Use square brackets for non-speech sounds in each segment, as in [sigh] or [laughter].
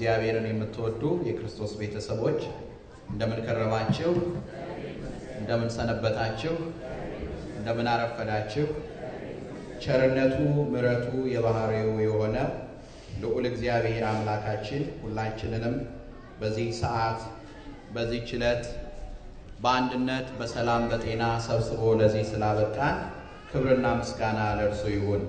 እግዚአብሔርን የምትወዱ የክርስቶስ ቤተሰቦች እንደምን ከረማችሁ? እንደምን ሰነበታችሁ? እንደምን አረፈዳችሁ? ቸርነቱ ምረቱ የባህሪው የሆነ ልዑል እግዚአብሔር አምላካችን ሁላችንንም በዚህ ሰዓት በዚህ ችለት በአንድነት በሰላም በጤና ሰብስቦ ለዚህ ስላበቃን ክብርና ምስጋና ለእርሱ ይሁን።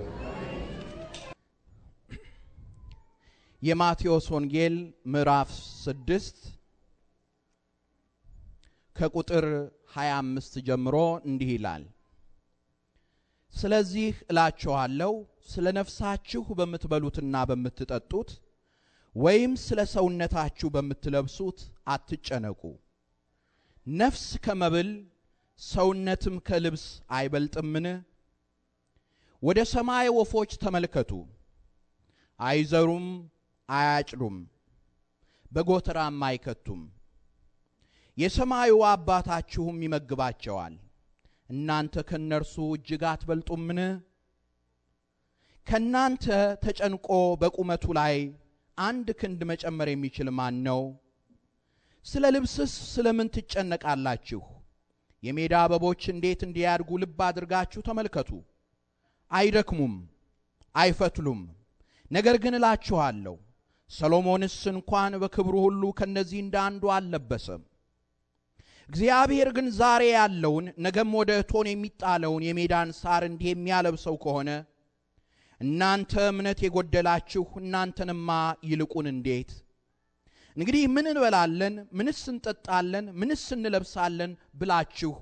የማቴዎስ ወንጌል ምዕራፍ 6 ከቁጥር 25 ጀምሮ እንዲህ ይላል። ስለዚህ እላችኋለሁ ስለ ነፍሳችሁ በምትበሉትና በምትጠጡት ወይም ስለ ሰውነታችሁ በምትለብሱት አትጨነቁ። ነፍስ ከመብል ሰውነትም ከልብስ አይበልጥምን? ወደ ሰማይ ወፎች ተመልከቱ፣ አይዘሩም፣ አያጭዱም፣ በጎተራም አይከቱም። የሰማዩ አባታችሁም ይመግባቸዋል። እናንተ ከእነርሱ እጅግ አትበልጡምን? ከእናንተ ተጨንቆ በቁመቱ ላይ አንድ ክንድ መጨመር የሚችል ማን ነው? ስለ ልብስስ ስለምን ትጨነቃላችሁ? የሜዳ አበቦች እንዴት እንዲያድጉ ልብ አድርጋችሁ ተመልከቱ። አይደክሙም፣ አይፈትሉም። ነገር ግን እላችኋለሁ ሰሎሞንስ እንኳን በክብሩ ሁሉ ከነዚህ እንደ አንዱ አልለበሰም። እግዚአብሔር ግን ዛሬ ያለውን ነገም ወደ እቶን የሚጣለውን የሜዳን ሳር እንዲህ የሚያለብሰው ከሆነ እናንተ እምነት የጎደላችሁ እናንተንማ ይልቁን እንዴት! እንግዲህ ምን እንበላለን፣ ምንስ እንጠጣለን፣ ምንስ እንለብሳለን ብላችሁ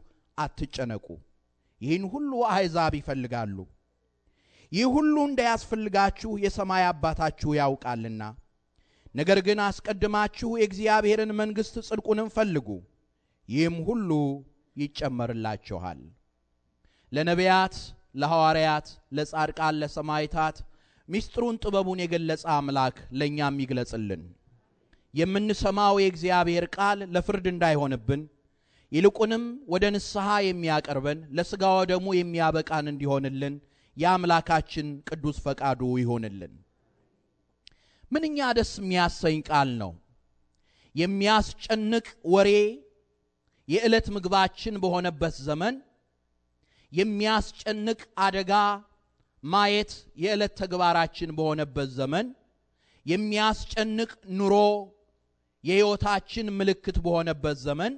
አትጨነቁ። ይህን ሁሉ አሕዛብ ይፈልጋሉ። ይህ ሁሉ እንዳያስፈልጋችሁ የሰማይ አባታችሁ ያውቃልና ነገር ግን አስቀድማችሁ የእግዚአብሔርን መንግሥት ጽድቁንም ፈልጉ፣ ይህም ሁሉ ይጨመርላችኋል። ለነቢያት፣ ለሐዋርያት፣ ለጻድቃን፣ ለሰማይታት ምስጢሩን ጥበቡን የገለጸ አምላክ ለእኛም ይግለጽልን። የምንሰማው የእግዚአብሔር ቃል ለፍርድ እንዳይሆንብን ይልቁንም ወደ ንስሐ የሚያቀርበን ለሥጋ ወደሙ የሚያበቃን እንዲሆንልን የአምላካችን ቅዱስ ፈቃዱ ይሆንልን። ምንኛ ደስ የሚያሰኝ ቃል ነው። የሚያስጨንቅ ወሬ የዕለት ምግባችን በሆነበት ዘመን የሚያስጨንቅ አደጋ ማየት የዕለት ተግባራችን በሆነበት ዘመን የሚያስጨንቅ ኑሮ የሕይወታችን ምልክት በሆነበት ዘመን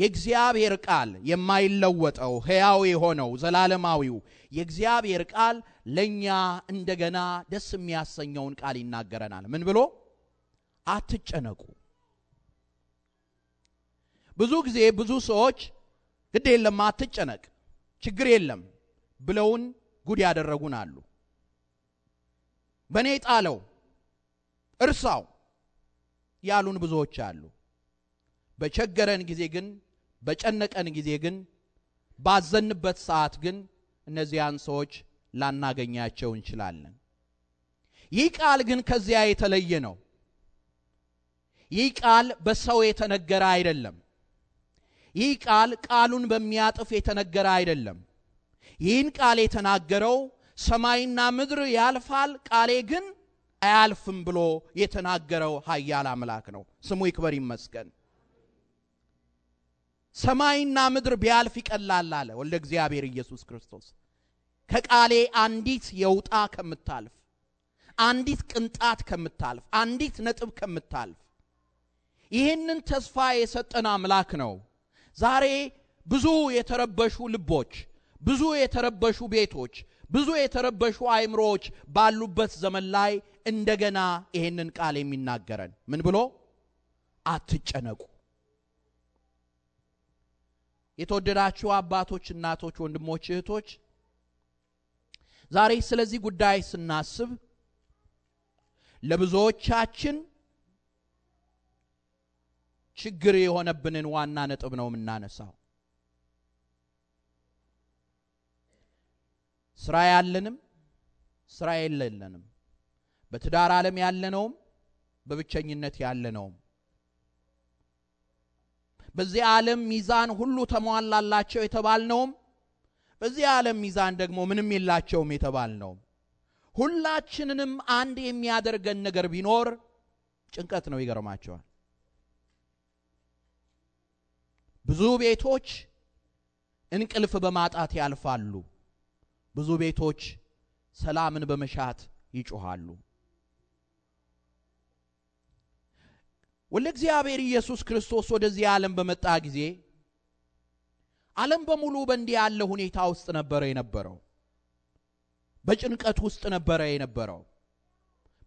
የእግዚአብሔር ቃል የማይለወጠው ሕያው የሆነው ዘላለማዊው የእግዚአብሔር ቃል ለኛ እንደገና ደስ የሚያሰኘውን ቃል ይናገረናል። ምን ብሎ አትጨነቁ። ብዙ ጊዜ ብዙ ሰዎች ግድ የለም አትጨነቅ፣ ችግር የለም ብለውን ጉድ ያደረጉን አሉ። በእኔ ጣለው እርሳው ያሉን ብዙዎች አሉ። በቸገረን ጊዜ ግን፣ በጨነቀን ጊዜ ግን፣ ባዘንበት ሰዓት ግን እነዚያን ሰዎች ላናገኛቸው እንችላለን። ይህ ቃል ግን ከዚያ የተለየ ነው። ይህ ቃል በሰው የተነገረ አይደለም። ይህ ቃል ቃሉን በሚያጥፍ የተነገረ አይደለም። ይህን ቃል የተናገረው ሰማይና ምድር ያልፋል፣ ቃሌ ግን አያልፍም ብሎ የተናገረው ኃያል አምላክ ነው። ስሙ ይክበር ይመስገን። ሰማይና ምድር ቢያልፍ ይቀላል አለ ወልደ እግዚአብሔር ኢየሱስ ክርስቶስ። ከቃሌ አንዲት የውጣ ከምታልፍ አንዲት ቅንጣት ከምታልፍ አንዲት ነጥብ ከምታልፍ ይህንን ተስፋ የሰጠን አምላክ ነው። ዛሬ ብዙ የተረበሹ ልቦች፣ ብዙ የተረበሹ ቤቶች፣ ብዙ የተረበሹ አእምሮዎች ባሉበት ዘመን ላይ እንደገና ይህንን ቃል የሚናገረን ምን ብሎ አትጨነቁ። የተወደዳችሁ አባቶች፣ እናቶች፣ ወንድሞች፣ እህቶች ዛሬ ስለዚህ ጉዳይ ስናስብ ለብዙዎቻችን ችግር የሆነብንን ዋና ነጥብ ነው የምናነሳው። ስራ ያለንም ስራ የለለንም በትዳር ዓለም ያለነውም በብቸኝነት ያለነውም በዚህ ዓለም ሚዛን ሁሉ ተሟላላቸው የተባልነውም በዚህ ዓለም ሚዛን ደግሞ ምንም የላቸውም የተባል ነው። ሁላችንንም አንድ የሚያደርገን ነገር ቢኖር ጭንቀት ነው። ይገርማቸዋል። ብዙ ቤቶች እንቅልፍ በማጣት ያልፋሉ። ብዙ ቤቶች ሰላምን በመሻት ይጮሃሉ። ወለ እግዚአብሔር ኢየሱስ ክርስቶስ ወደዚህ ዓለም በመጣ ጊዜ ዓለም በሙሉ በእንዲህ ያለ ሁኔታ ውስጥ ነበረ የነበረው። በጭንቀት ውስጥ ነበረ የነበረው።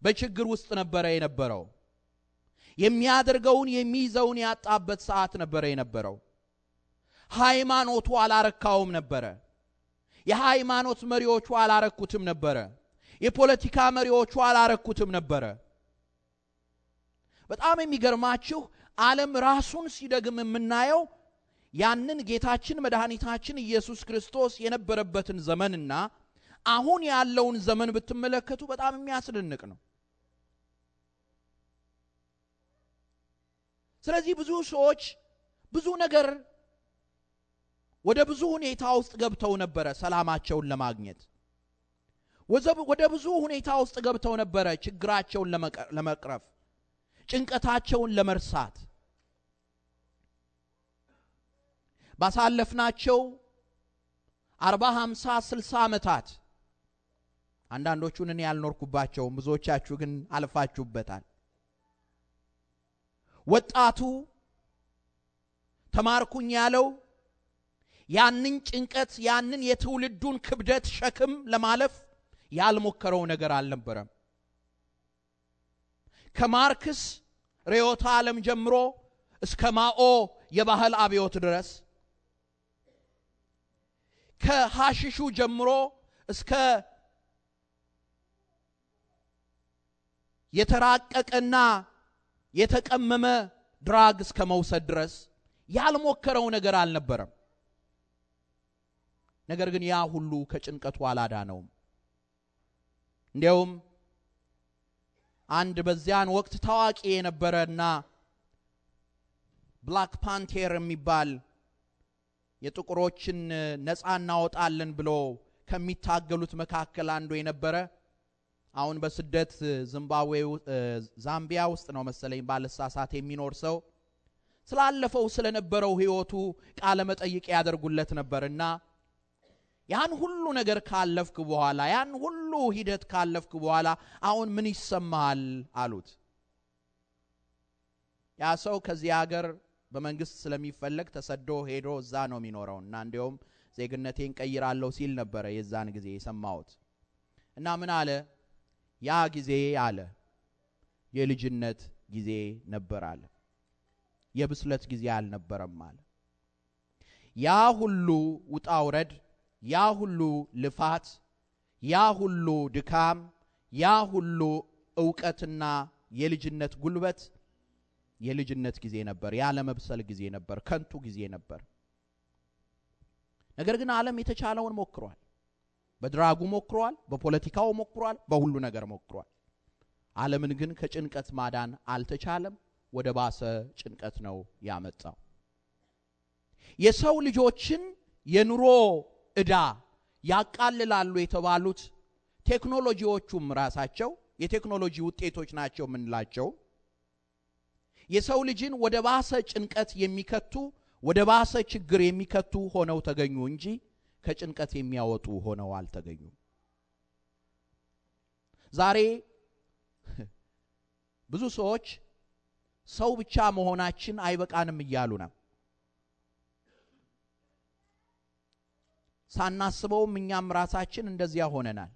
በችግር ውስጥ ነበረ የነበረው። የሚያደርገውን የሚይዘውን ያጣበት ሰዓት ነበረ የነበረው። ሃይማኖቱ አላረካውም ነበረ። የሃይማኖት መሪዎቹ አላረኩትም ነበረ። የፖለቲካ መሪዎቹ አላረኩትም ነበረ። በጣም የሚገርማችሁ ዓለም ራሱን ሲደግም የምናየው ያንን ጌታችን መድኃኒታችን ኢየሱስ ክርስቶስ የነበረበትን ዘመንና አሁን ያለውን ዘመን ብትመለከቱ በጣም የሚያስደንቅ ነው። ስለዚህ ብዙ ሰዎች ብዙ ነገር ወደ ብዙ ሁኔታ ውስጥ ገብተው ነበረ ሰላማቸውን ለማግኘት ወደ ብዙ ሁኔታ ውስጥ ገብተው ነበረ ችግራቸውን ለመቅረፍ ጭንቀታቸውን ለመርሳት ባሳለፍናቸው አርባ ሀምሳ ስልሳ ዓመታት አንዳንዶቹን እኔ ያልኖርኩባቸውም ብዙዎቻችሁ ግን አልፋችሁበታል። ወጣቱ ተማርኩኝ ያለው ያንን ጭንቀት ያንን የትውልዱን ክብደት ሸክም ለማለፍ ያልሞከረው ነገር አልነበረም። ከማርክስ ርዕዮተ ዓለም ጀምሮ እስከ ማኦ የባህል አብዮት ድረስ ከሐሽሹ ጀምሮ እስከ የተራቀቀና የተቀመመ ድራግ እስከ መውሰድ ድረስ ያልሞከረው ነገር አልነበረም። ነገር ግን ያ ሁሉ ከጭንቀቱ አላዳነውም። እንዲያውም አንድ በዚያን ወቅት ታዋቂ የነበረና ብላክ ፓንቴር የሚባል የጥቁሮችን ነፃ እናወጣለን ብሎ ከሚታገሉት መካከል አንዱ የነበረ አሁን በስደት ዚምባብዌ ዛምቢያ ውስጥ ነው መሰለኝ ባለሳሳት የሚኖር ሰው ስላለፈው ስለነበረው ህይወቱ ቃለ መጠይቅ ያደርጉለት ነበር እና ያን ሁሉ ነገር ካለፍክ በኋላ ያን ሁሉ ሂደት ካለፍክ በኋላ አሁን ምን ይሰማሃል አሉት ያ ሰው ከዚህ ሀገር በመንግስት ስለሚፈለግ ተሰዶ ሄዶ እዛ ነው የሚኖረው እና እንዲሁም ዜግነቴን ቀይራለሁ ሲል ነበረ የዛን ጊዜ የሰማሁት። እና ምን አለ ያ ጊዜ አለ የልጅነት ጊዜ ነበር አለ። የብስለት ጊዜ አልነበረም አለ። ያ ሁሉ ውጣውረድ፣ ያ ሁሉ ልፋት፣ ያ ሁሉ ድካም፣ ያ ሁሉ እውቀትና የልጅነት ጉልበት የልጅነት ጊዜ ነበር፣ ያለመብሰል ጊዜ ነበር፣ ከንቱ ጊዜ ነበር። ነገር ግን ዓለም የተቻለውን ሞክሯል። በድራጉ ሞክሯል፣ በፖለቲካው ሞክሯል፣ በሁሉ ነገር ሞክሯል። ዓለምን ግን ከጭንቀት ማዳን አልተቻለም። ወደ ባሰ ጭንቀት ነው ያመጣው። የሰው ልጆችን የኑሮ ዕዳ ያቃልላሉ የተባሉት ቴክኖሎጂዎቹም ራሳቸው የቴክኖሎጂ ውጤቶች ናቸው የምንላቸው የሰው ልጅን ወደ ባሰ ጭንቀት የሚከቱ ወደ ባሰ ችግር የሚከቱ ሆነው ተገኙ እንጂ ከጭንቀት የሚያወጡ ሆነው አልተገኙም። ዛሬ [laughs] ብዙ ሰዎች ሰው ብቻ መሆናችን አይበቃንም እያሉ ነው። ሳናስበውም እኛም ራሳችን እንደዚያ ሆነናል።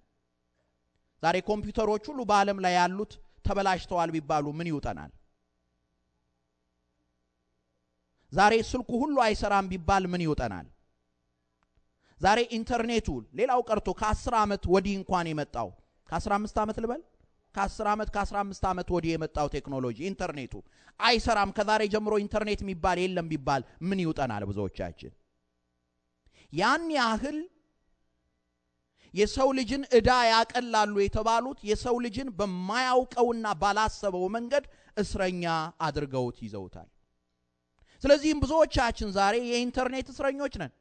ዛሬ ኮምፒውተሮች ሁሉ በዓለም ላይ ያሉት ተበላሽተዋል ቢባሉ ምን ይውጠናል? ዛሬ ስልኩ ሁሉ አይሰራም ቢባል ምን ይውጠናል? ዛሬ ኢንተርኔቱ ሌላው ቀርቶ ከ10 ዓመት ወዲህ እንኳን የመጣው ከ15 ዓመት ልበል ከ10 ዓመት ከ15 ዓመት ወዲህ የመጣው ቴክኖሎጂ ኢንተርኔቱ አይሰራም፣ ከዛሬ ጀምሮ ኢንተርኔት የሚባል የለም ቢባል ምን ይውጠናል? ብዙዎቻችን ያን ያህል የሰው ልጅን እዳ ያቀላሉ የተባሉት የሰው ልጅን በማያውቀውና ባላሰበው መንገድ እስረኛ አድርገውት ይዘውታል። ስለዚህም ብዙዎቻችን ዛሬ የኢንተርኔት እስረኞች ነን።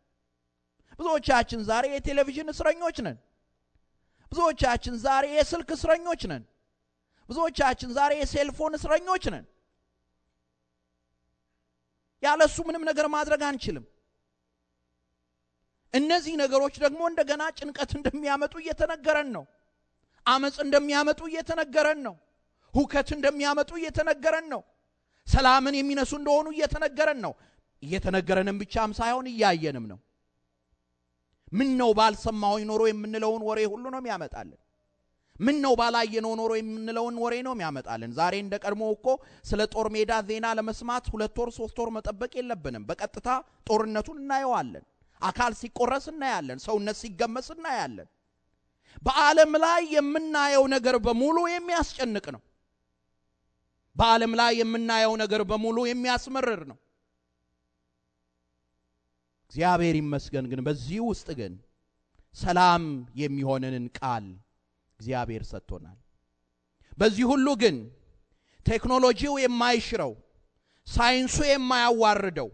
ብዙዎቻችን ዛሬ የቴሌቪዥን እስረኞች ነን። ብዙዎቻችን ዛሬ የስልክ እስረኞች ነን። ብዙዎቻችን ዛሬ የሴልፎን እስረኞች ነን። ያለ እሱ ምንም ነገር ማድረግ አንችልም። እነዚህ ነገሮች ደግሞ እንደገና ጭንቀት እንደሚያመጡ እየተነገረን ነው። አመፅ እንደሚያመጡ እየተነገረን ነው። ሁከት እንደሚያመጡ እየተነገረን ነው። ሰላምን የሚነሱ እንደሆኑ እየተነገረን ነው። እየተነገረንም ብቻም ሳይሆን እያየንም ነው። ምን ነው ባልሰማሁኝ ኖሮ የምንለውን ወሬ ሁሉ ነው የሚያመጣልን። ምን ነው ባላየነው ኖሮ የምንለውን ወሬ ነው የሚያመጣልን። ዛሬ እንደ ቀድሞ እኮ ስለ ጦር ሜዳ ዜና ለመስማት ሁለት ወር ሶስት ወር መጠበቅ የለብንም። በቀጥታ ጦርነቱን እናየዋለን። አካል ሲቆረስ እናያለን። ሰውነት ሲገመስ እናያለን። በዓለም ላይ የምናየው ነገር በሙሉ የሚያስጨንቅ ነው። በዓለም ላይ የምናየው ነገር በሙሉ የሚያስመርር ነው። እግዚአብሔር ይመስገን ግን በዚህ ውስጥ ግን ሰላም የሚሆንንን ቃል እግዚአብሔር ሰጥቶናል። በዚህ ሁሉ ግን ቴክኖሎጂው የማይሽረው፣ ሳይንሱ የማያዋርደው፣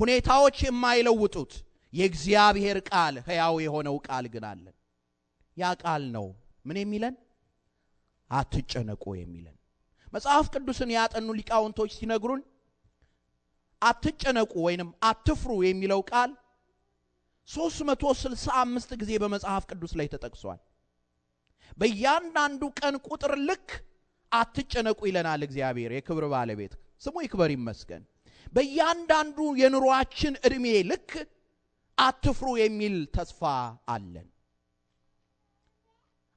ሁኔታዎች የማይለውጡት የእግዚአብሔር ቃል ሕያው የሆነው ቃል ግን አለን። ያ ቃል ነው ምን የሚለን? አትጨነቁ የሚለን መጽሐፍ ቅዱስን ያጠኑ ሊቃውንቶች ሲነግሩን አትጨነቁ ወይንም አትፍሩ የሚለው ቃል 365 ጊዜ በመጽሐፍ ቅዱስ ላይ ተጠቅሷል። በእያንዳንዱ ቀን ቁጥር ልክ አትጨነቁ ይለናል እግዚአብሔር። የክብር ባለቤት ስሙ ይክበር ይመስገን። በእያንዳንዱ የኑሯችን ዕድሜ ልክ አትፍሩ የሚል ተስፋ አለን።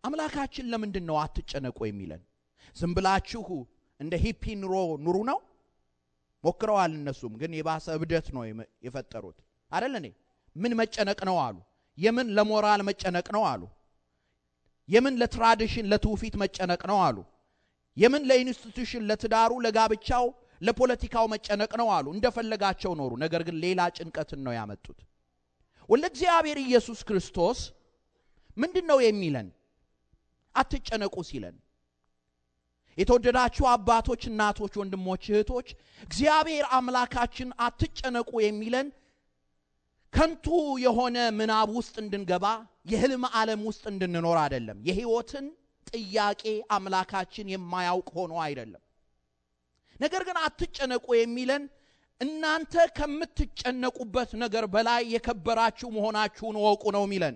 አምላካችን ለምንድን ነው አትጨነቁ የሚለን? ዝም ብላችሁ እንደ ሂፒ ኑሮ ኑሩ ነው። ሞክረዋል። እነሱም ግን የባሰ እብደት ነው የፈጠሩት አይደል? እኔ ምን መጨነቅ ነው አሉ። የምን ለሞራል መጨነቅ ነው አሉ። የምን ለትራዲሽን ለትውፊት መጨነቅ ነው አሉ። የምን ለኢንስቲቱሽን ለትዳሩ፣ ለጋብቻው፣ ለፖለቲካው መጨነቅ ነው አሉ። እንደፈለጋቸው ኖሩ። ነገር ግን ሌላ ጭንቀትን ነው ያመጡት። ወልደ እግዚአብሔር ኢየሱስ ክርስቶስ ምንድን ነው የሚለን? አትጨነቁ ሲለን የተወደዳችሁ አባቶች፣ እናቶች፣ ወንድሞች፣ እህቶች እግዚአብሔር አምላካችን አትጨነቁ የሚለን ከንቱ የሆነ ምናብ ውስጥ እንድንገባ የህልም ዓለም ውስጥ እንድንኖር አይደለም። የህይወትን ጥያቄ አምላካችን የማያውቅ ሆኖ አይደለም። ነገር ግን አትጨነቁ የሚለን እናንተ ከምትጨነቁበት ነገር በላይ የከበራችሁ መሆናችሁን ወቁ ነው የሚለን።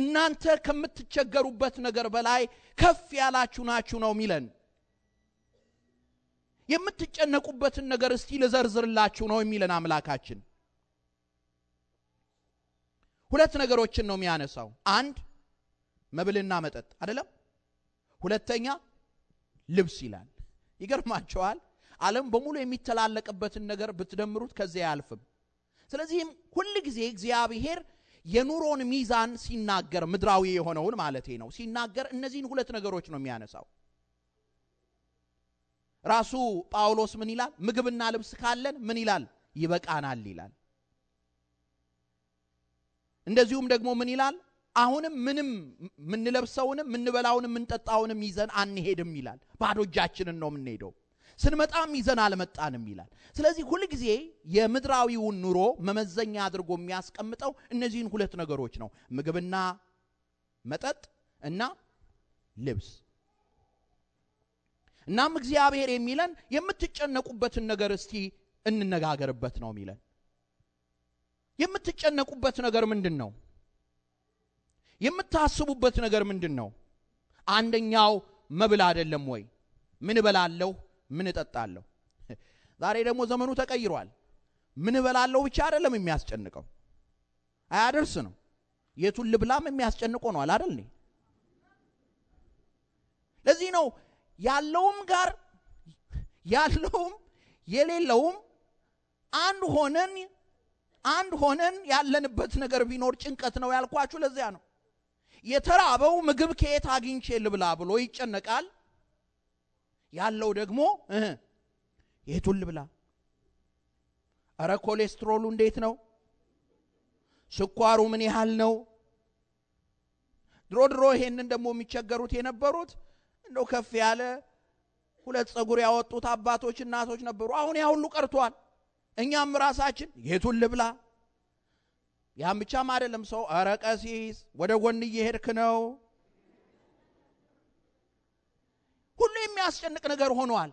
እናንተ ከምትቸገሩበት ነገር በላይ ከፍ ያላችሁ ናችሁ ነው የሚለን የምትጨነቁበትን ነገር እስቲ ልዘርዝርላችሁ ነው የሚለን አምላካችን ሁለት ነገሮችን ነው የሚያነሳው አንድ መብልና መጠጥ አይደለም ሁለተኛ ልብስ ይላል ይገርማቸዋል ዓለም በሙሉ የሚተላለቅበትን ነገር ብትደምሩት ከዚያ አያልፍም ስለዚህም ሁል ጊዜ እግዚአብሔር የኑሮን ሚዛን ሲናገር ምድራዊ የሆነውን ማለት ነው ሲናገር እነዚህን ሁለት ነገሮች ነው የሚያነሳው ራሱ ጳውሎስ ምን ይላል ምግብና ልብስ ካለን ምን ይላል ይበቃናል ይላል እንደዚሁም ደግሞ ምን ይላል አሁንም ምንም የምንለብሰውንም ምንበላውንም ምንጠጣውንም ይዘን አንሄድም ይላል ባዶ እጃችንን ነው የምንሄደው ስንመጣም ይዘን አልመጣንም ይላል። ስለዚህ ሁልጊዜ የምድራዊውን ኑሮ መመዘኛ አድርጎ የሚያስቀምጠው እነዚህን ሁለት ነገሮች ነው፣ ምግብና መጠጥ እና ልብስ። እናም እግዚአብሔር የሚለን የምትጨነቁበትን ነገር እስቲ እንነጋገርበት ነው የሚለን። የምትጨነቁበት ነገር ምንድን ነው? የምታስቡበት ነገር ምንድን ነው? አንደኛው መብል አይደለም ወይ? ምን እበላለሁ ምን እጠጣለሁ። [laughs] ዛሬ ደግሞ ዘመኑ ተቀይሯል። ምን እበላለሁ ብቻ አይደለም የሚያስጨንቀው፣ አያደርስ ነው። የቱን ልብላም የሚያስጨንቆ ነው አይደል? ለዚህ ነው ያለውም ጋር [laughs] ያለውም የሌለውም አንድ ሆነን አንድ ሆነን ያለንበት ነገር ቢኖር ጭንቀት ነው ያልኳችሁ። ለዚያ ነው የተራበው ምግብ ከየት አግኝቼ ልብላ ብሎ ይጨነቃል። ያለው ደግሞ የቱን ልብላ? እረ ኮሌስትሮሉ እንዴት ነው? ስኳሩ ምን ያህል ነው? ድሮ ድሮ ይሄንን ደግሞ የሚቸገሩት የነበሩት እንደው ከፍ ያለ ሁለት ጸጉር ያወጡት አባቶች እናቶች ነበሩ። አሁን ያ ሁሉ ቀርቷል። እኛም ራሳችን የቱን ልብላ? ያም ብቻም አይደለም ሰው እረ ቀሲስ ወደ ጎን እየሄድክ ነው ሁሉ የሚያስጨንቅ ነገር ሆኗል።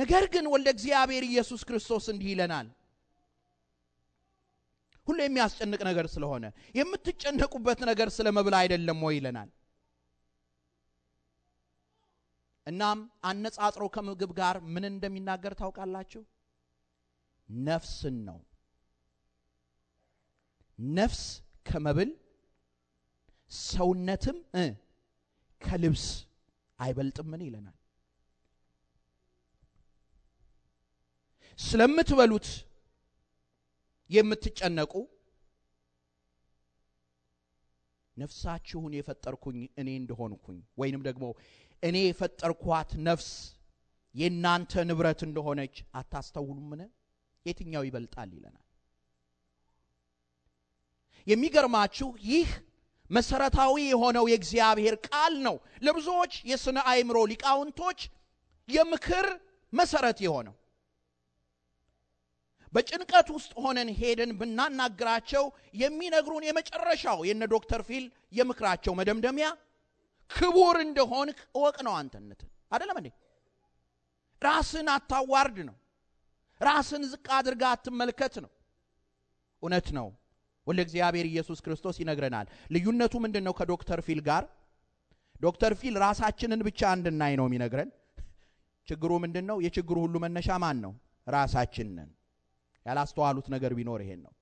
ነገር ግን ወልደ እግዚአብሔር ኢየሱስ ክርስቶስ እንዲህ ይለናል ሁሉ የሚያስጨንቅ ነገር ስለሆነ የምትጨነቁበት ነገር ስለ መብል አይደለም ወይ ይለናል። እናም አነጻጽሮ ከምግብ ጋር ምን እንደሚናገር ታውቃላችሁ? ነፍስን ነው። ነፍስ ከመብል ሰውነትም ከልብስ አይበልጥምን ይለናል። ስለምትበሉት የምትጨነቁ ነፍሳችሁን የፈጠርኩኝ እኔ እንደሆንኩኝ ወይንም ደግሞ እኔ የፈጠርኳት ነፍስ የእናንተ ንብረት እንደሆነች አታስተውሉምን? የትኛው ይበልጣል ይለናል። የሚገርማችሁ ይህ መሰረታዊ የሆነው የእግዚአብሔር ቃል ነው። ለብዙዎች የስነ አእምሮ ሊቃውንቶች የምክር መሰረት የሆነው በጭንቀት ውስጥ ሆነን ሄደን ብናናግራቸው የሚነግሩን የመጨረሻው የነ ዶክተር ፊል የምክራቸው መደምደሚያ ክቡር እንደሆን እወቅ ነው። አንተነት አደለም እንዴ? ራስን አታዋርድ ነው። ራስን ዝቅ አድርጋ አትመልከት ነው። እውነት ነው። ሁል እግዚአብሔር ኢየሱስ ክርስቶስ ይነግረናል። ልዩነቱ ምንድን ነው ከዶክተር ፊል ጋር? ዶክተር ፊል ራሳችንን ብቻ እንድናይ ነው የሚነግረን። ችግሩ ምንድን ነው? የችግሩ ሁሉ መነሻ ማን ነው? ራሳችንን። ያላስተዋሉት ነገር ቢኖር ይሄን ነው።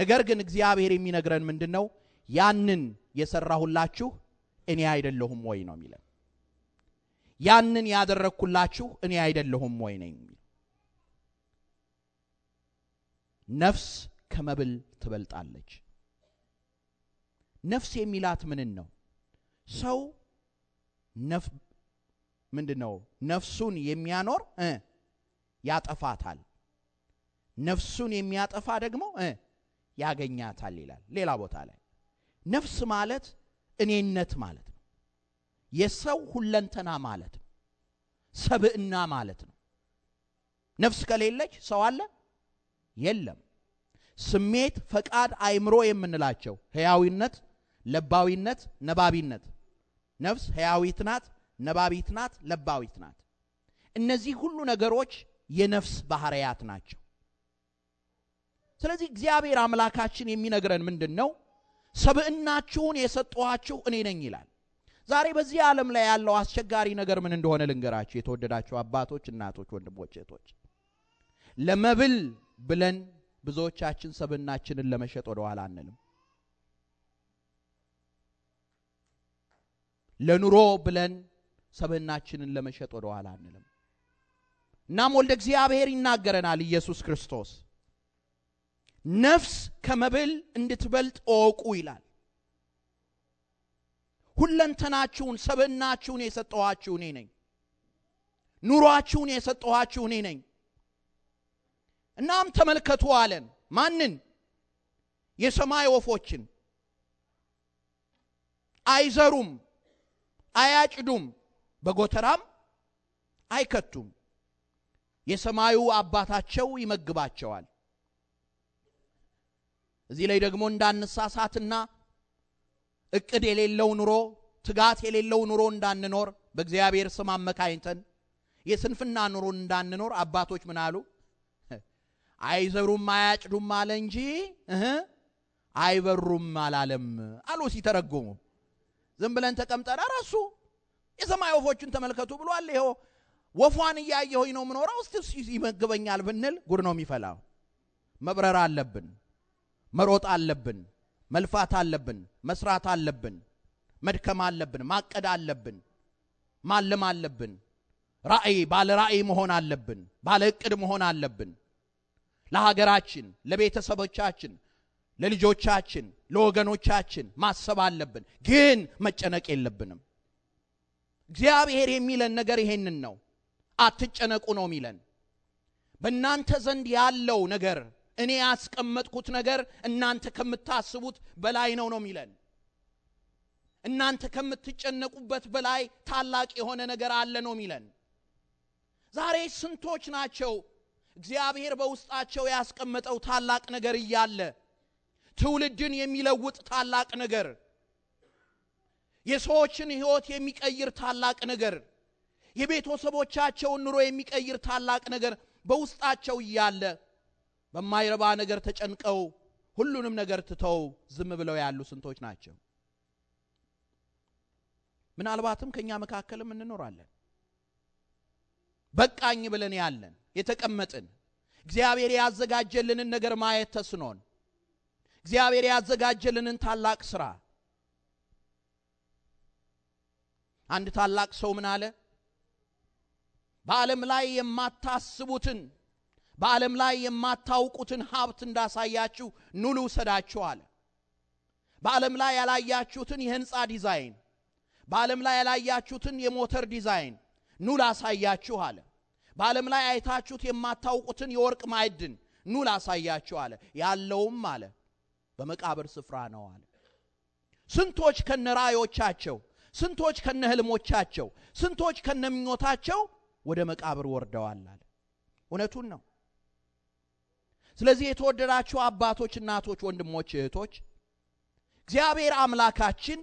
ነገር ግን እግዚአብሔር የሚነግረን ምንድን ነው? ያንን የሰራሁላችሁ እኔ አይደለሁም ወይ ነው የሚለን። ያንን ያደረግኩላችሁ እኔ አይደለሁም ወይ ነኝ ነፍስ ከመብል ትበልጣለች። ነፍስ የሚላት ምንን ነው? ሰው ነፍ ምንድን ነው? ነፍሱን የሚያኖር ያጠፋታል፣ ነፍሱን የሚያጠፋ ደግሞ ያገኛታል ይላል ሌላ ቦታ ላይ። ነፍስ ማለት እኔነት ማለት ነው። የሰው ሁለንተና ማለት ነው። ሰብዕና ማለት ነው። ነፍስ ከሌለች ሰው አለ የለም። ስሜት፣ ፈቃድ፣ አእምሮ የምንላቸው ሕያዊነት፣ ለባዊነት፣ ነባቢነት። ነፍስ ሕያዊት ናት፣ ነባቢት ናት፣ ለባዊት ናት። እነዚህ ሁሉ ነገሮች የነፍስ ባህርያት ናቸው። ስለዚህ እግዚአብሔር አምላካችን የሚነግረን ምንድን ነው? ሰብእናችሁን የሰጠኋችሁ እኔ ነኝ ይላል። ዛሬ በዚህ ዓለም ላይ ያለው አስቸጋሪ ነገር ምን እንደሆነ ልንገራችሁ። የተወደዳችሁ አባቶች፣ እናቶች፣ ወንድሞች፣ እህቶች ለመብል ብለን ብዙዎቻችን ሰብናችንን ለመሸጥ ወደ ኋላ አንልም። ለኑሮ ብለን ሰብናችንን ለመሸጥ ወደ ኋላ አንልም። እናም ወልደ እግዚአብሔር ይናገረናል ኢየሱስ ክርስቶስ ነፍስ ከመብል እንድትበልጥ እወቁ ይላል። ሁለንተናችሁን ሰብናችሁን የሰጠኋችሁ እኔ ነኝ። ኑሯችሁን የሰጠኋችሁ እኔ ነኝ። እናም ተመልከቱ አለን። ማንን? የሰማይ ወፎችን። አይዘሩም፣ አያጭዱም፣ በጎተራም አይከቱም። የሰማዩ አባታቸው ይመግባቸዋል። እዚህ ላይ ደግሞ እንዳንሳሳትና እቅድ የሌለው ኑሮ፣ ትጋት የሌለው ኑሮ እንዳንኖር በእግዚአብሔር ስም አመካኝተን የስንፍና ኑሮ እንዳንኖር አባቶች ምን አሉ? አይዘሩም አያጭዱም አለ እንጂ አይበሩም አላለም አሉ ሲተረጎሙ። ዝም ብለን ተቀምጠን እራሱ የሰማይ ወፎችን ተመልከቱ ብሏል። ይኸው ወፏን እያየሁኝ ነው ምኖረው እስቲ ይመግበኛል ብንል ጉድ ነው የሚፈላው። መብረር አለብን፣ መሮጥ አለብን፣ መልፋት አለብን፣ መስራት አለብን፣ መድከም አለብን፣ ማቀድ አለብን፣ ማለም አለብን። ራእይ ባለ ራእይ መሆን አለብን፣ ባለ እቅድ መሆን አለብን። ለሀገራችን፣ ለቤተሰቦቻችን፣ ለልጆቻችን፣ ለወገኖቻችን ማሰብ አለብን። ግን መጨነቅ የለብንም። እግዚአብሔር የሚለን ነገር ይሄንን ነው። አትጨነቁ ነው የሚለን። በእናንተ ዘንድ ያለው ነገር እኔ ያስቀመጥኩት ነገር እናንተ ከምታስቡት በላይ ነው ነው የሚለን። እናንተ ከምትጨነቁበት በላይ ታላቅ የሆነ ነገር አለ ነው የሚለን። ዛሬ ስንቶች ናቸው እግዚአብሔር በውስጣቸው ያስቀመጠው ታላቅ ነገር እያለ ትውልድን የሚለውጥ ታላቅ ነገር፣ የሰዎችን ሕይወት የሚቀይር ታላቅ ነገር፣ የቤተሰቦቻቸውን ኑሮ የሚቀይር ታላቅ ነገር በውስጣቸው እያለ በማይረባ ነገር ተጨንቀው ሁሉንም ነገር ትተው ዝም ብለው ያሉ ስንቶች ናቸው? ምናልባትም ከእኛ መካከልም እንኖራለን። በቃኝ ብለን ያለን የተቀመጥን እግዚአብሔር ያዘጋጀልንን ነገር ማየት ተስኖን እግዚአብሔር ያዘጋጀልንን ታላቅ ስራ አንድ ታላቅ ሰው ምን አለ? በዓለም ላይ የማታስቡትን በዓለም ላይ የማታውቁትን ሀብት እንዳሳያችሁ ኑሉ ውሰዳችሁ አለ። በዓለም ላይ ያላያችሁትን የህንፃ ዲዛይን፣ በዓለም ላይ ያላያችሁትን የሞተር ዲዛይን ኑል ላሳያችሁ አለ። በዓለም ላይ አይታችሁት የማታውቁትን የወርቅ ማዕድን ኑ ላሳያችሁ አለ። ያለውም አለ በመቃብር ስፍራ ነው አለ። ስንቶች ራዮቻቸው፣ ስንቶች ከነህልሞቻቸው፣ ስንቶች ከነምኞታቸው ወደ መቃብር ወርደዋል አለ። እውነቱን ነው። ስለዚህ የተወደዳችሁ አባቶች፣ እናቶች፣ ወንድሞች፣ እህቶች እግዚአብሔር አምላካችን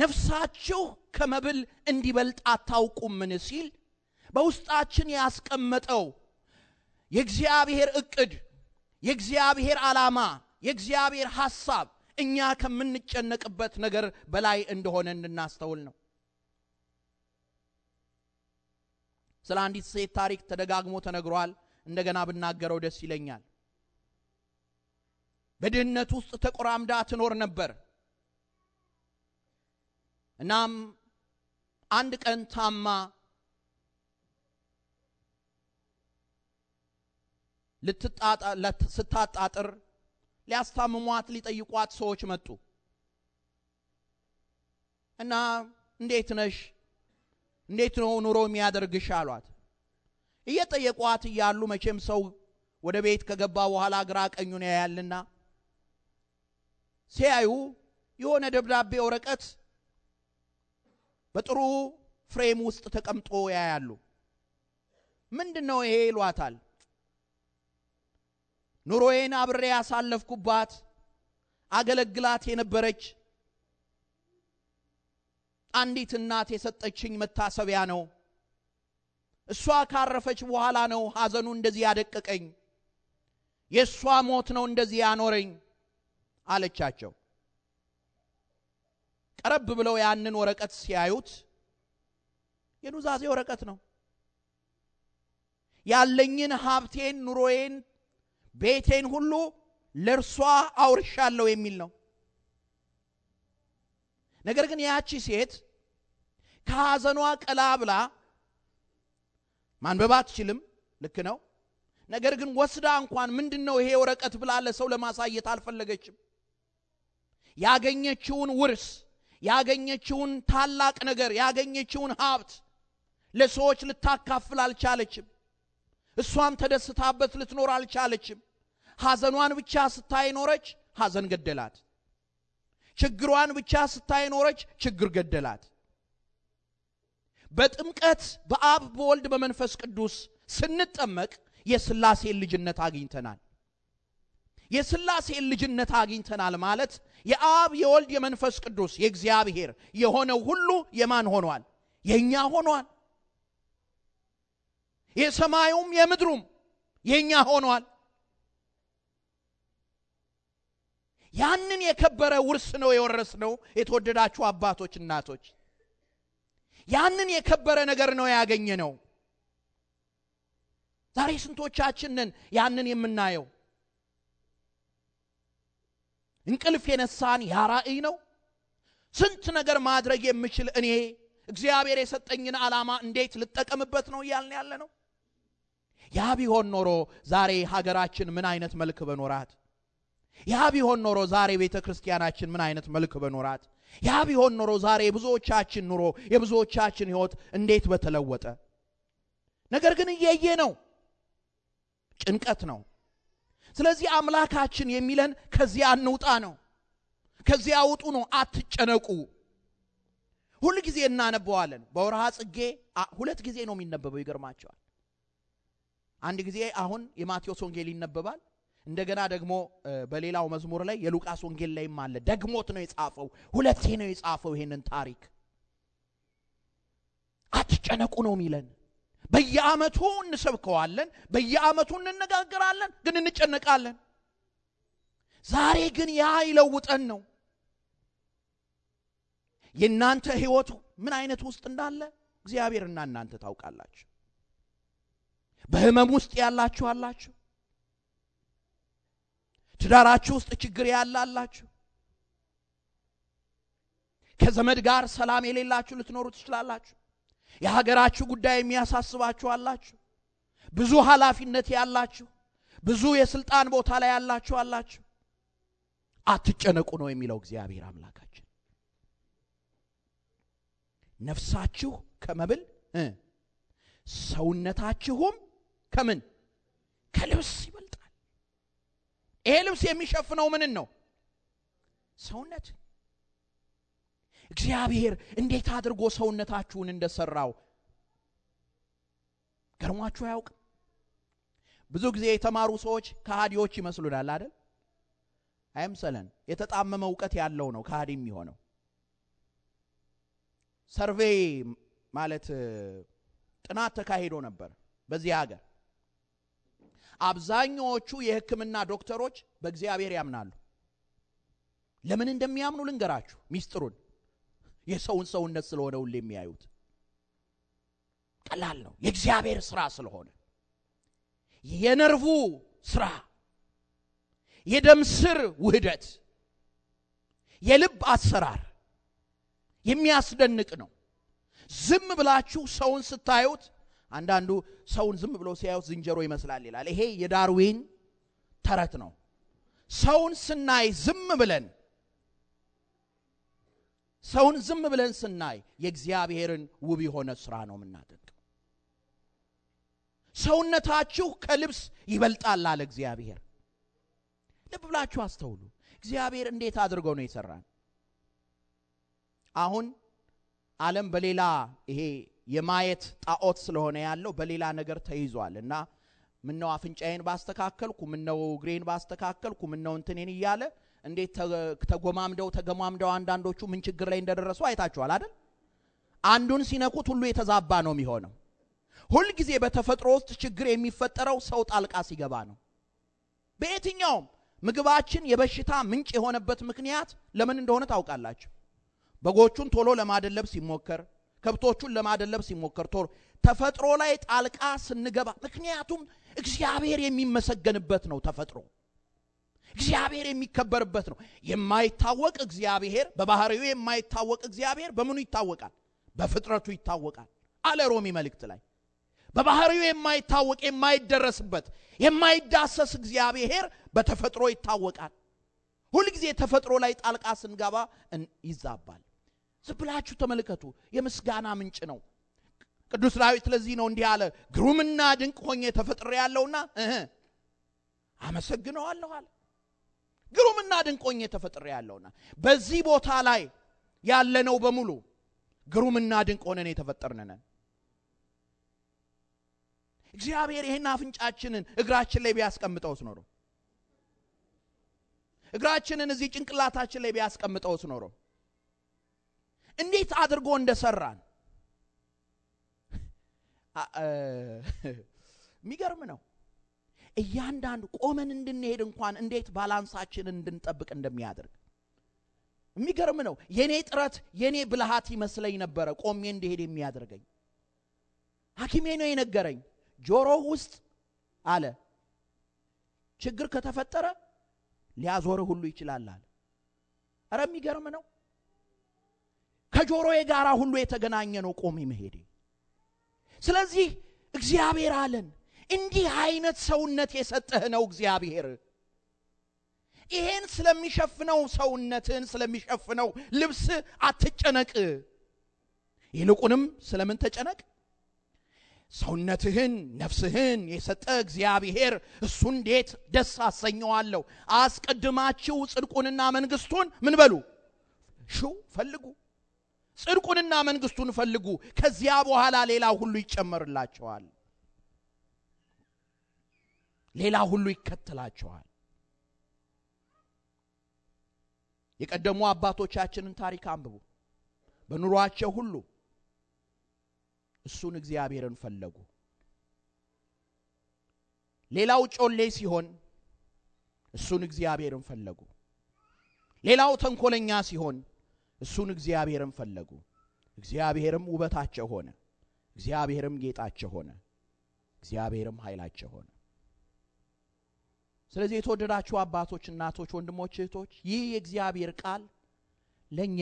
ነፍሳችሁ ከመብል እንዲበልጥ አታውቁምን ሲል በውስጣችን ያስቀመጠው የእግዚአብሔር እቅድ፣ የእግዚአብሔር ዓላማ፣ የእግዚአብሔር ሐሳብ እኛ ከምንጨነቅበት ነገር በላይ እንደሆነ እንድናስተውል ነው። ስለ አንዲት ሴት ታሪክ ተደጋግሞ ተነግሯል። እንደገና ብናገረው ደስ ይለኛል። በድህነት ውስጥ ተቆራምዳ ትኖር ነበር። እናም አንድ ቀን ታማ ስታጣጥር ሊያስታምሟት ሊጠይቋት ሰዎች መጡ እና እንዴት ነሽ እንዴት ነው ኑሮ የሚያደርግሽ አሏት እየጠየቋት እያሉ መቼም ሰው ወደ ቤት ከገባ በኋላ ግራ ቀኙን ያያልና ሲያዩ የሆነ ደብዳቤ ወረቀት በጥሩ ፍሬም ውስጥ ተቀምጦ ያያሉ ምንድን ነው ይሄ ይሏታል ኑሮዬን አብሬ ያሳለፍኩባት አገለግላት የነበረች አንዲት እናት የሰጠችኝ መታሰቢያ ነው። እሷ ካረፈች በኋላ ነው ሐዘኑ እንደዚህ ያደቀቀኝ፣ የእሷ ሞት ነው እንደዚህ ያኖረኝ አለቻቸው። ቀረብ ብለው ያንን ወረቀት ሲያዩት የኑዛዜ ወረቀት ነው። ያለኝን ሀብቴን ኑሮዬን ቤቴን ሁሉ ለእርሷ አውርሻለሁ የሚል ነው። ነገር ግን ያቺ ሴት ከሐዘኗ ቀላ ብላ ማንበብ አትችልም፣ ልክ ነው። ነገር ግን ወስዳ እንኳን ምንድን ነው ይሄ ወረቀት ብላ ለሰው ለማሳየት አልፈለገችም። ያገኘችውን ውርስ፣ ያገኘችውን ታላቅ ነገር፣ ያገኘችውን ሀብት ለሰዎች ልታካፍል አልቻለችም። እሷም ተደስታበት ልትኖር አልቻለችም። ሐዘኗን ብቻ ስታይ ኖረች፣ ሐዘን ገደላት። ችግሯን ብቻ ስታይ ኖረች፣ ችግር ገደላት። በጥምቀት በአብ በወልድ በመንፈስ ቅዱስ ስንጠመቅ የሥላሴን ልጅነት አግኝተናል። የሥላሴን ልጅነት አግኝተናል ማለት የአብ የወልድ የመንፈስ ቅዱስ የእግዚአብሔር የሆነው ሁሉ የማን ሆኗል? የእኛ ሆኗል። የሰማዩም የምድሩም የእኛ ሆኗል። ያንን የከበረ ውርስ ነው የወረስ ነው የተወደዳችሁ አባቶች፣ እናቶች ያንን የከበረ ነገር ነው ያገኘ ነው። ዛሬ ስንቶቻችንን ያንን የምናየው እንቅልፍ የነሳን ያ ራእይ ነው። ስንት ነገር ማድረግ የምችል እኔ እግዚአብሔር የሰጠኝን ዓላማ እንዴት ልጠቀምበት ነው እያልን ያለ ነው። ያ ቢሆን ኖሮ ዛሬ ሀገራችን ምን አይነት መልክ በኖራት። ያ ቢሆን ኖሮ ዛሬ ቤተ ክርስቲያናችን ምን አይነት መልክ በኖራት። ያ ቢሆን ኖሮ ዛሬ የብዙዎቻችን ኑሮ የብዙዎቻችን ሕይወት እንዴት በተለወጠ። ነገር ግን እየየ ነው፣ ጭንቀት ነው። ስለዚህ አምላካችን የሚለን ከዚያ እንውጣ ነው። ከዚያ ውጡ ነው። አትጨነቁ። ሁል ጊዜ እናነበዋለን። በወርሃ ጽጌ ሁለት ጊዜ ነው የሚነበበው። ይገርማቸዋል። አንድ ጊዜ አሁን የማቴዎስ ወንጌል ይነበባል። እንደገና ደግሞ በሌላው መዝሙር ላይ የሉቃስ ወንጌል ላይም አለ። ደግሞት ነው የጻፈው፣ ሁለቴ ነው የጻፈው ይሄንን ታሪክ። አትጨነቁ ነው የሚለን። በየዓመቱ እንሰብከዋለን፣ በየዓመቱ እንነጋገራለን፣ ግን እንጨነቃለን። ዛሬ ግን ያ ይለውጠን ነው። የእናንተ ህይወቱ ምን አይነት ውስጥ እንዳለ እግዚአብሔርና እናንተ ታውቃላችሁ። በህመም ውስጥ ያላችሁ አላችሁ? ትዳራችሁ ውስጥ ችግር ያለ አላችሁ? ከዘመድ ጋር ሰላም የሌላችሁ ልትኖሩ ትችላላችሁ። የሀገራችሁ ጉዳይ የሚያሳስባችሁ አላችሁ? ብዙ ኃላፊነት ያላችሁ፣ ብዙ የስልጣን ቦታ ላይ ያላችሁ አላችሁ? አትጨነቁ ነው የሚለው እግዚአብሔር አምላካችን። ነፍሳችሁ ከመብል ሰውነታችሁም ከምን ከልብስ ይበልጣል ይሄ ልብስ የሚሸፍነው ምንን ነው ሰውነት እግዚአብሔር እንዴት አድርጎ ሰውነታችሁን እንደሰራው ገርሟችሁ አያውቅም ብዙ ጊዜ የተማሩ ሰዎች ከሃዲዎች ይመስሉናል አይደል አይምሰለን የተጣመመ እውቀት ያለው ነው ከሃዲ የሚሆነው ሰርቬይ ማለት ጥናት ተካሂዶ ነበር በዚህ ሀገር አብዛኛዎቹ የህክምና ዶክተሮች በእግዚአብሔር ያምናሉ። ለምን እንደሚያምኑ ልንገራችሁ ሚስጥሩን። የሰውን ሰውነት ስለሆነ ሁሌ የሚያዩት ቀላል ነው። የእግዚአብሔር ስራ ስለሆነ የነርቡ ስራ፣ የደም ስር ውህደት፣ የልብ አሰራር የሚያስደንቅ ነው። ዝም ብላችሁ ሰውን ስታዩት አንዳንዱ ሰውን ዝም ብሎ ሲያዩት ዝንጀሮ ይመስላል ይላል። ይሄ የዳርዊን ተረት ነው። ሰውን ስናይ ዝም ብለን ሰውን ዝም ብለን ስናይ የእግዚአብሔርን ውብ የሆነ ስራ ነው የምናደርገው። ሰውነታችሁ ከልብስ ይበልጣል አለ እግዚአብሔር። ልብ ብላችሁ አስተውሉ። እግዚአብሔር እንዴት አድርጎ ነው የሰራን? አሁን ዓለም በሌላ ይሄ የማየት ጣዖት ስለሆነ ያለው በሌላ ነገር ተይዟል እና ምነው አፍንጫዬን ባስተካከልኩ፣ ምነው እግሬን ባስተካከልኩ፣ ምነው እንትኔን እያለ እንዴት ተጎማምደው ተገማምደው አንዳንዶቹ ምን ችግር ላይ እንደደረሱ አይታችኋል አይደል? አንዱን ሲነኩት ሁሉ የተዛባ ነው የሚሆነው። ሁልጊዜ በተፈጥሮ ውስጥ ችግር የሚፈጠረው ሰው ጣልቃ ሲገባ ነው። በየትኛውም ምግባችን የበሽታ ምንጭ የሆነበት ምክንያት ለምን እንደሆነ ታውቃላችሁ? በጎቹን ቶሎ ለማደለብ ሲሞከር ከብቶቹን ለማደለብ ሲሞከር ቶር ተፈጥሮ ላይ ጣልቃ ስንገባ፣ ምክንያቱም እግዚአብሔር የሚመሰገንበት ነው። ተፈጥሮ እግዚአብሔር የሚከበርበት ነው። የማይታወቅ እግዚአብሔር በባህሪው የማይታወቅ እግዚአብሔር በምኑ ይታወቃል? በፍጥረቱ ይታወቃል አለ ሮሚ መልእክት ላይ በባህሪው የማይታወቅ የማይደረስበት የማይዳሰስ እግዚአብሔር በተፈጥሮ ይታወቃል። ሁልጊዜ ተፈጥሮ ላይ ጣልቃ ስንገባ ይዛባል። ዝብላችሁ ተመልከቱ። የምስጋና ምንጭ ነው። ቅዱስ ዳዊት ለዚህ ነው እንዲህ አለ፣ ግሩምና ድንቅ ሆኜ ተፈጥሬ ያለውና አመሰግነዋለሁ አለ። ግሩምና ድንቅ ሆኜ ተፈጥሬ ያለውና በዚህ ቦታ ላይ ያለነው በሙሉ ግሩምና ድንቅ ሆነን የተፈጠርን ነን። እግዚአብሔር ይህን አፍንጫችንን እግራችን ላይ ቢያስቀምጠውስ ኖሮ እግራችንን እዚህ ጭንቅላታችን ላይ ቢያስቀምጠውስ ኖሮ እንዴት አድርጎ እንደሰራን የሚገርም ነው እያንዳንዱ ቆመን እንድንሄድ እንኳን እንዴት ባላንሳችንን እንድንጠብቅ እንደሚያደርግ የሚገርም ነው የኔ ጥረት የኔ ብልሃት ይመስለኝ ነበረ ቆሜ እንድሄድ የሚያደርገኝ ሐኪሜ ነው የነገረኝ ጆሮ ውስጥ አለ ችግር ከተፈጠረ ሊያዞርህ ሁሉ ይችላል አለ እረ የሚገርም ነው ከጆሮዬ ጋር ሁሉ የተገናኘ ነው ቆሜ መሄዴ። ስለዚህ እግዚአብሔር አለን እንዲህ አይነት ሰውነት የሰጠህ ነው እግዚአብሔር። ይሄን ስለሚሸፍነው ሰውነትን ስለሚሸፍነው ልብስ አትጨነቅ። ይልቁንም ስለምን ተጨነቅ? ሰውነትህን ነፍስህን የሰጠ እግዚአብሔር እሱ እንዴት ደስ አሰኘዋለሁ። አስቀድማችሁ ጽድቁንና መንግስቱን ምን በሉ ሹ ፈልጉ ጽድቁንና መንግስቱን ፈልጉ፣ ከዚያ በኋላ ሌላ ሁሉ ይጨመርላቸዋል። ሌላ ሁሉ ይከተላቸዋል። የቀደሙ አባቶቻችንን ታሪክ አንብቡ። በኑሯቸው ሁሉ እሱን እግዚአብሔርን ፈለጉ። ሌላው ጮሌ ሲሆን እሱን እግዚአብሔርን ፈለጉ። ሌላው ተንኮለኛ ሲሆን እሱን እግዚአብሔርን ፈለጉ። እግዚአብሔርም ውበታቸው ሆነ። እግዚአብሔርም ጌጣቸው ሆነ። እግዚአብሔርም ኃይላቸው ሆነ። ስለዚህ የተወደዳችሁ አባቶች፣ እናቶች፣ ወንድሞች፣ እህቶች ይህ የእግዚአብሔር ቃል ለእኛ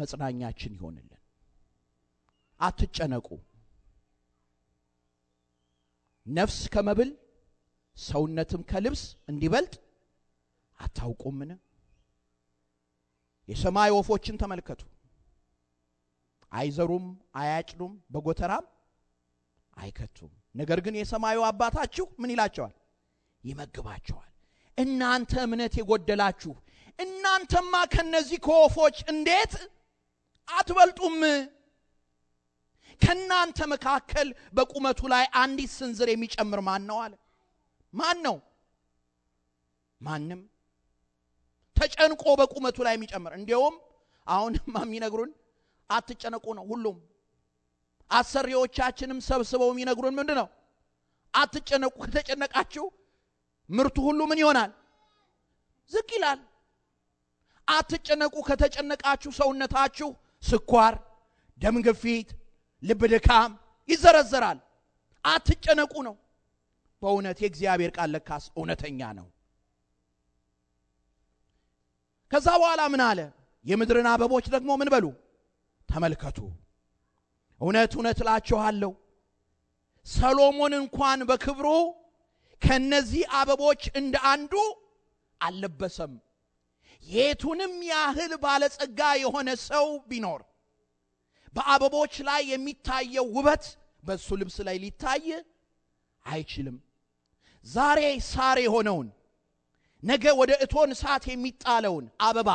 መጽናኛችን ይሆንልን። አትጨነቁ፣ ነፍስ ከመብል ሰውነትም ከልብስ እንዲበልጥ አታውቁምን? የሰማይ ወፎችን ተመልከቱ። አይዘሩም፣ አያጭዱም፣ በጎተራም አይከቱም። ነገር ግን የሰማዩ አባታችሁ ምን ይላቸዋል? ይመግባቸዋል። እናንተ እምነት የጎደላችሁ እናንተማ ከነዚህ ከወፎች እንዴት አትበልጡም? ከእናንተ መካከል በቁመቱ ላይ አንዲት ስንዝር የሚጨምር ማን ነው አለ። ማን ነው? ማንም ተጨንቆ በቁመቱ ላይ የሚጨምር እንዲሁም አሁንማ የሚነግሩን አትጨነቁ ነው። ሁሉም አሰሪዎቻችንም ሰብስበው የሚነግሩን ምንድ ነው? አትጨነቁ። ከተጨነቃችሁ ምርቱ ሁሉ ምን ይሆናል? ዝቅ ይላል። አትጨነቁ። ከተጨነቃችሁ ሰውነታችሁ ስኳር፣ ደም ግፊት፣ ልብ ድካም ይዘረዘራል። አትጨነቁ ነው። በእውነት የእግዚአብሔር ቃል ለካስ እውነተኛ ነው። ከዛ በኋላ ምን አለ? የምድርን አበቦች ደግሞ ምን በሉ ተመልከቱ። እውነት እውነት እላችኋለሁ ሰሎሞን እንኳን በክብሩ ከነዚህ አበቦች እንደ አንዱ አልለበሰም። የቱንም ያህል ባለጸጋ የሆነ ሰው ቢኖር በአበቦች ላይ የሚታየው ውበት በእሱ ልብስ ላይ ሊታይ አይችልም። ዛሬ ሳር የሆነውን ነገ ወደ እቶን እሳት የሚጣለውን አበባ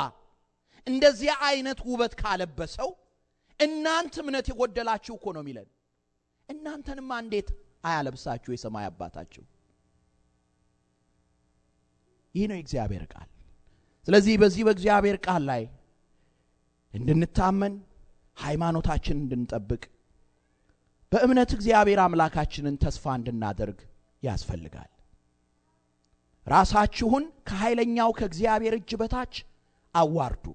እንደዚያ አይነት ውበት ካለበሰው እናንተ እምነት የጎደላችሁ እኮ ነው የሚለን። እናንተንማ እንዴት አያለብሳችሁ የሰማይ አባታችሁ? ይህ ነው የእግዚአብሔር ቃል። ስለዚህ በዚህ በእግዚአብሔር ቃል ላይ እንድንታመን ሃይማኖታችን እንድንጠብቅ በእምነት እግዚአብሔር አምላካችንን ተስፋ እንድናደርግ ያስፈልጋል። ራሳችሁን ከኃይለኛው ከእግዚአብሔር እጅ በታች አዋርዱ፣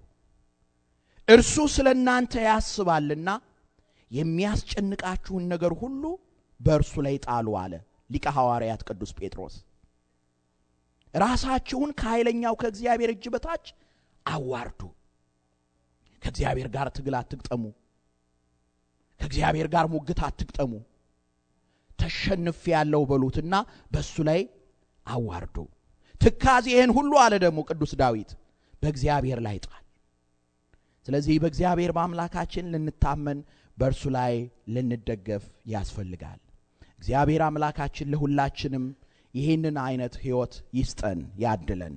እርሱ ስለ እናንተ ያስባልና የሚያስጨንቃችሁን ነገር ሁሉ በእርሱ ላይ ጣሉ አለ ሊቀ ሐዋርያት ቅዱስ ጴጥሮስ። ራሳችሁን ከኃይለኛው ከእግዚአብሔር እጅ በታች አዋርዱ። ከእግዚአብሔር ጋር ትግል አትግጠሙ። ከእግዚአብሔር ጋር ሙግት አትግጠሙ። ተሸንፍ ያለው በሉትና በእሱ ላይ አዋርዱ። ትካዜህን ሁሉ አለ ደግሞ ቅዱስ ዳዊት በእግዚአብሔር ላይ ጣል። ስለዚህ በእግዚአብሔር በአምላካችን ልንታመን በእርሱ ላይ ልንደገፍ ያስፈልጋል። እግዚአብሔር አምላካችን ለሁላችንም ይህንን አይነት ሕይወት ይስጠን ያድለን።